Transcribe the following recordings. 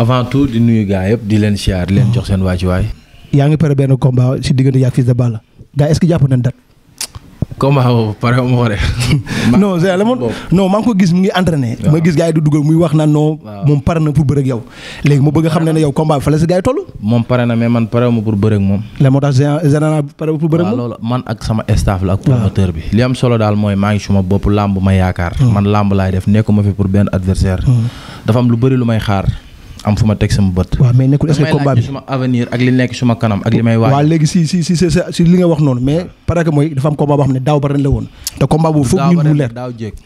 avant tout di nuyu gaay yëpp di len siyaar di leen jox sen waji way ya nga paré ben combat si diggante yak Fils de balle gars est-ce japp nañ combat boobu pare moo de. non c'est monde non man ko gis mu ngi entraîner ma gis gaay du duggal muy wax na non. mom paré na pour bëre yow. légui mo bëgg xamné xam yow combat fa la si gaay tollu mom paré pare na mais man paré mo pour bëre mom le motax général paré pour bëre mom man ak sama staff la ak promoteur bi. li am solo dal moy ma ngi suma bop lamb ma yaakar hmm. man lamb lay def nekuma fi pour ben adversaire. Hmm. dafa am lu bëri lu may xaar am fu ma teg sama bët. waaw mais nekkul est-ce que combat avenir ak li nekk suma kanam ak li may. waaw léegi si si si si li nga wax noonu mais parce que mooy dafa am combat boo xam ne daaw ba ren la woon. te combat boobu foog ñu leer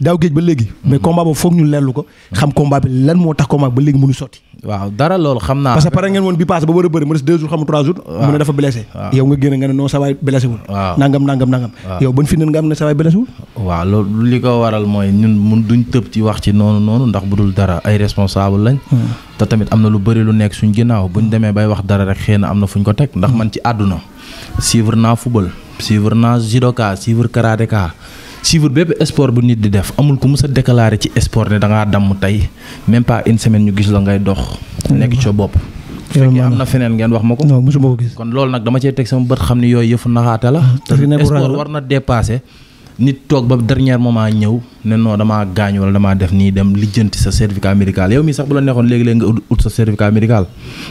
daaw géej ba léegi. mais mhm. combat boobu foog ñu leerlu ko. xam combat bi lan moo tax combat ba léegi mënu sotti. waaw dara loolu xam naa. parce que pare ngeen woon bi passé ba war a bëri mu des deux jours xamu trois jours. mu ne dafa blessé. yow nga génn nga ne non sa li ko waral mooy ñun mun duñ tëb ci wax ci noonu noonu ndax bu dul dara ay responsable lañ. Hmm. te tamit am na lu bëri lu nekk suñ ginnaaw buñ demee bay wax dara rek xëy am na fuñ ko teg ndax hmm. man ci àdduna suivre naa football suivre naa judoka suivre karatéka suivre bépp sport bu nit di def amul ku mus a déclaré ci sport ne da ngaa damm tey même pas une semaine ñu gis la ngay dox. ci na ngeen wax ma non mosuma ko gis. kon loolu nag dama cee teg sama bët xam ne yooyu yëfu naxaate la. Ah, te sport war na dépassé. nit toog ba dernier moment ñëw ne non damaa wala def nii dem legend sa certificat médical yow mii sax bu la neexoon léegi-léegi nga ut sa certificat médical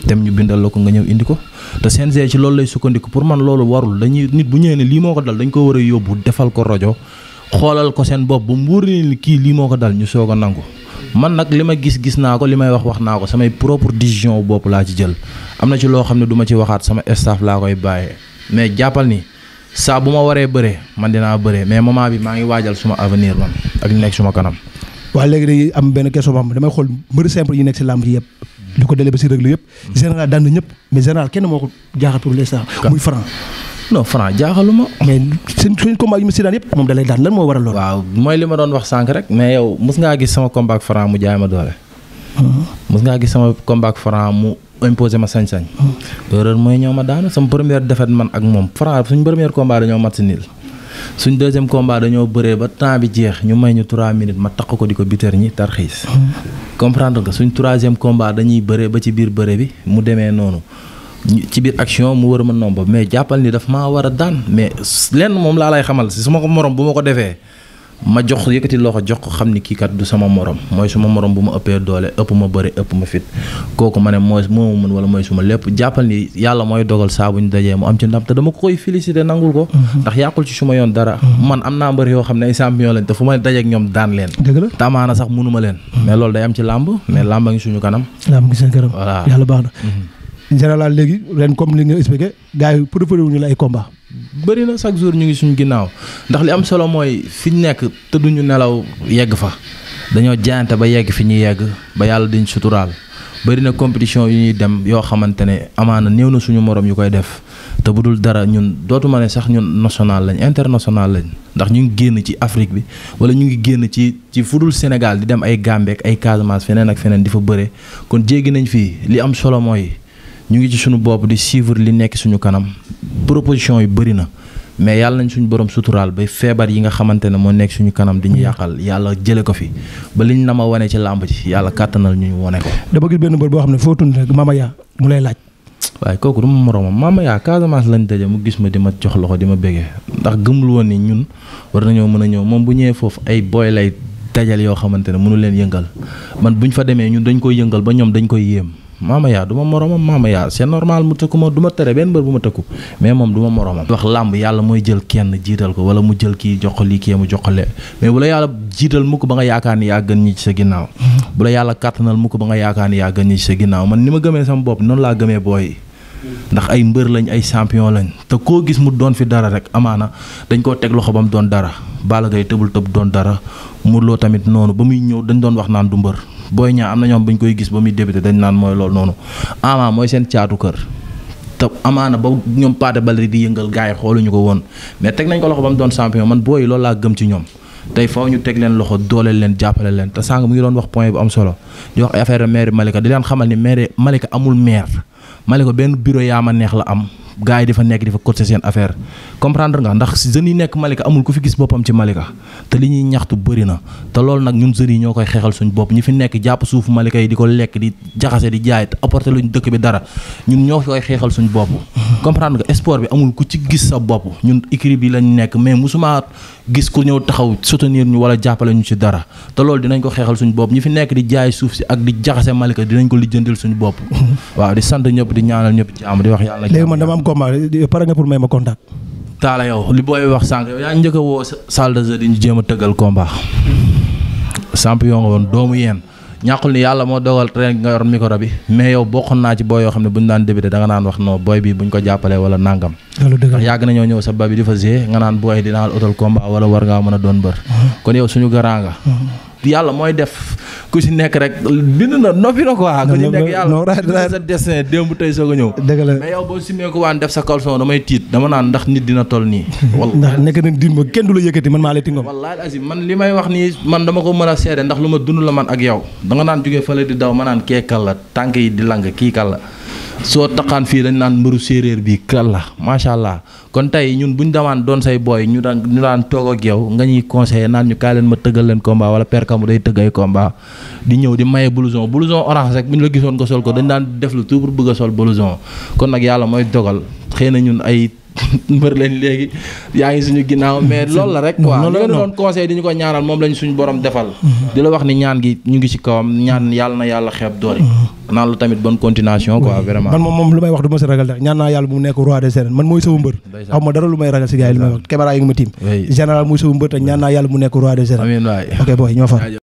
dem ñu bindal la ko nga ñëw indi ko te CNG ci lay sukkandiku pour man loolu warul dañuy nit bu ñëwee ne lii moo ko dal dañ ko defal ko xoolal ko seen bopp bu mu wóoree kii lii moo ko dal ñu soo a nangu man nag li ma gis gis naa ko li may wax wax naa ko samay propre décision bopp laa ci jël am na ci loo xam ne duma ma ci waxaat sama staff laa koy bàyyee mais jàppal ni saa bu ma waree bëree man dinaa bëree mais moment bi maa ngi waajal suma avenir man ak nekk suma kanam. waa léegi dañuy am benn question boo xam damay xool mbëri simple yi nekk si làmb yi yëpp. li ko dalee ba si règle yëpp. général daan ñëpp mais kenn moo ko jaaxal pour l'instant non Franc jaaxaluma. mais seen seen combat yu mu si daan yëpp moom da lay daan lan moo waral loolu. waaw mooy li ma doon wax sànq rek mais yow mos ngaa gis sama combat ak mu jaay ma doole. Hmm. mos ngaa gis sama combat ak mu imposé ma sañ-sañ. loolu hmm. mooy ñoo ma daanu sama première défaite man ak moom Franc suñ première combat dañoo mat si niil suñ deuxième combat dañoo bëree ba temps bi jeex ñu may ñu trois minutes ma taq ko di ko buter ñi tarxiis hmm. comprendre nga suñ troisième combat dañuy bëree ba ci biir bëre bi mu demee noonu. ci biir action mu war a ma nomba mais jàppal ni daf maa war a daan mais lenn moom laa lay xamal si sama moroom bu ma ko defee ma jox yëkkati loxo jox ko xam ni kii kat du sama morom mooy suma moroom bu ma ëppee doole ëpp ma bëri ëpp ma fit kooku ma ne mooy moom ma mën wala mooy suma lépp jàppal ni yàlla mooy dogal saa dajee mu am ci ndam te dama ko koy félicité nangul ko. Mhm. ndax yàqul ci suma yoon dara. Mhm. man am yoo xam ne ay champion lañ te fu may dajeek ñoom daan leen. dëgg la tamaana sax mënuma leen. Mhm. mais loolu day am ci làmb mais làmb ngi suñu kanam. làmb ngi seen kanam. voilà baax na. général léegi ren comme li nga expliqué yi préféré wuñu la ay combat bëri na chaque jour ñu ngi suñu ginnaaw ndax li am solo mooy fi ñu nekk te duñu nelaw yegg fa dañoo jaayante ba yegg fi ñuy yegg ba yàlla diñ suturaal bëri na compétition yu ñuy dem yoo xamante ne amaana néew na suñu moroom yu koy def te bu dul dara ñun dootuma ne sax ñun national lañ international lañ ndax ñu ngi génn ci Afrique bi wala ñu ngi génn ci ci fudul Sénégal di dem ay Gambie ay Casamance feneen ak feneen di fa bëre kon jéggi nañ fii li am solo mooy ñu ngi ci suñu bopp di suivre li nekk suñu kanam proposition yu bëri na mais yàlla nañ suñu borom sutural ba febar yi nga xamante ne nekk suñu kanam di ñu yakal yàlla jële ko fi ba liñ na ma wane ci làmb ci yàlla katanal ñu wone ko. dama gis benn mbër boo xam ne foo tund rek Mama Yaa mu lay laaj. waaye kooku du ma Mama ya Casamance lañ daje mu gis ma di ma jox loxo di ma bégee ndax gëmul woon ni ñun war a ñëw moom bu ñëwee foofu ay booy lay dajal yoo xamante mënu leen yëngal man buñ fa demee ñun dañ koy yëngal ba ñoom dañ koy yéem maama yaa du ma moromam maama yaa c'est normal mu tëkku ma du ma tere benn mbër bu ma tëkku mais moom du ma moromam. wax làmb yàlla mooy jël kenn jiital ko wala mu jël kii jox ko lii kii mu jox ko lee mais bu la yàlla jiital mukk ba nga yaakaar ni yaa gën ñi ci sa ginnaaw mm-hmm. bu la yàlla kàttanal ba nga yaakaar ni yaa gën ñi ci sa ginnaaw man ni ma gëmee sama bopp noonu laa gëmee booy ndax ay mbër lañ ay champion lañ te koo gis mu doon fi dara rek amaana dañ koo teg loxo ba mu doon dara Balla Gaye tëbul tëb doon dara Modou tamit noonu ba muy ñëw dañ doon wax naan du booy Niang am na ñoom bu ñu koy gis ba muy débuté dañ naan mooy lool noonu Ama mooy seen caatu kër te amaana ba ñoom Pathé Baldé di yëngal gars yi ñu ko woon mais teg nañ ko loxo ba mu doon champion man booy loolu laa gëm ci ñoom tey faw ñu teg leen loxo dooleel leen jàppale leen te sàng mu ngi doon wax point bu am solo di wax affaire maire Malika di leen xamal ni maire Malika amul maire Malika benn bureau yaa ma neex la am gars yi di fa nekk di fa seen affaire comprendre nga ndax jeunes yi nekk Malika amul ku fi gis boppam ci Malika te li ñuy ñaxtu bëri te loolu nag ñun jeunes yi ñoo koy xeexal suñ bopp ñu fi nekk jàpp suufu ko lekk di jaxase di jaay te apporter luñ dëkk bi bopp comprendre nga sport bi amul ku ci gis sa bopp ñun équipe bi lañ nekk mais musuma gis ku ñëw taxaw soutenir ñu wala jàppale ñu ci dara te loolu dinañ ko xeexal suñ bopp ñu fi nekk di jaay suuf si ak di jaxase Malika dinañ ko lijjantil suñ bopp waaw di sant ñëpp di ñaanal ñëpp taala yow li booy wax sànq yow yaa njëkk a woo salle de jeu di ñu jéem a tëggal combat champion nga woon doomu yéen ñàkkul ni yàlla moo dogal train nga yor micro bi mais yow bokkoon naa ci booy yoo xam ne bu ñu daan débuté da nga naan wax non booy bi buñ ko jàppalee wala nàngam ndax yàgg nañoo ñëw sa ba bi di fa g nga naan booy dinaa la utal combat wala war ngaa mën a doon bër kon yow suñu garant yalla moy def ku ci nek rek bind na noppi na quoi. ku si nekk yàlla sa destin démb tey soog a ñëw. dëgg la mais yow bo simé ko waan def sa caleçon damay tit dama naan ndax nit dina toll ni wallaahi ndax nekk na din ma kenn dula yëkëti man ma lay tingam. wallaahi azim man limay wax ni man dama ko mëna sédé ndax luma dund la man ak yow danga naan jógee fële di daw man naan ké kal la tànk di lang ki kal la so taqaan fi dañ naan mbëru séeréer bi kal la machallah kon tey ñun bu ñu dawaan doon say booy ñu daan ñu daan toog ak yow nga ñuy conseiller naan ñu kaay leen ma tëggal leen combat wala perkamu day tëgg ay combat di ñëw di maye blouson blouson orange rek bu ñu la gisoon ko sol ko dañ daan def lu tout pour a sol blouson kon nag yàlla mooy dogal xëy ñun ay mbër lañ léegi yaa ngi suñu ginnaaw mais loolu la rek quoi li nga doon conseil di ñu ko ñaanal moom lañ suñu borom defal mm-hmm. di la wax ni ñaan gi ñu ngi ci kawam ñaan yàlla na yàlla xeeb doori mm-hmm. naan lu tamit bonne continuation quoi vraiment man moom lu may wax du ma si ragal dara ñaan naa yàlla mu nekk roi des arènes man mooy mbër xaw dara lu may ragal si gars yi li may wax caméra yi nga ma tiim général mooy sama mbër te ñaan naa yàlla mu nekk roi des arènes ok boy ñoo fa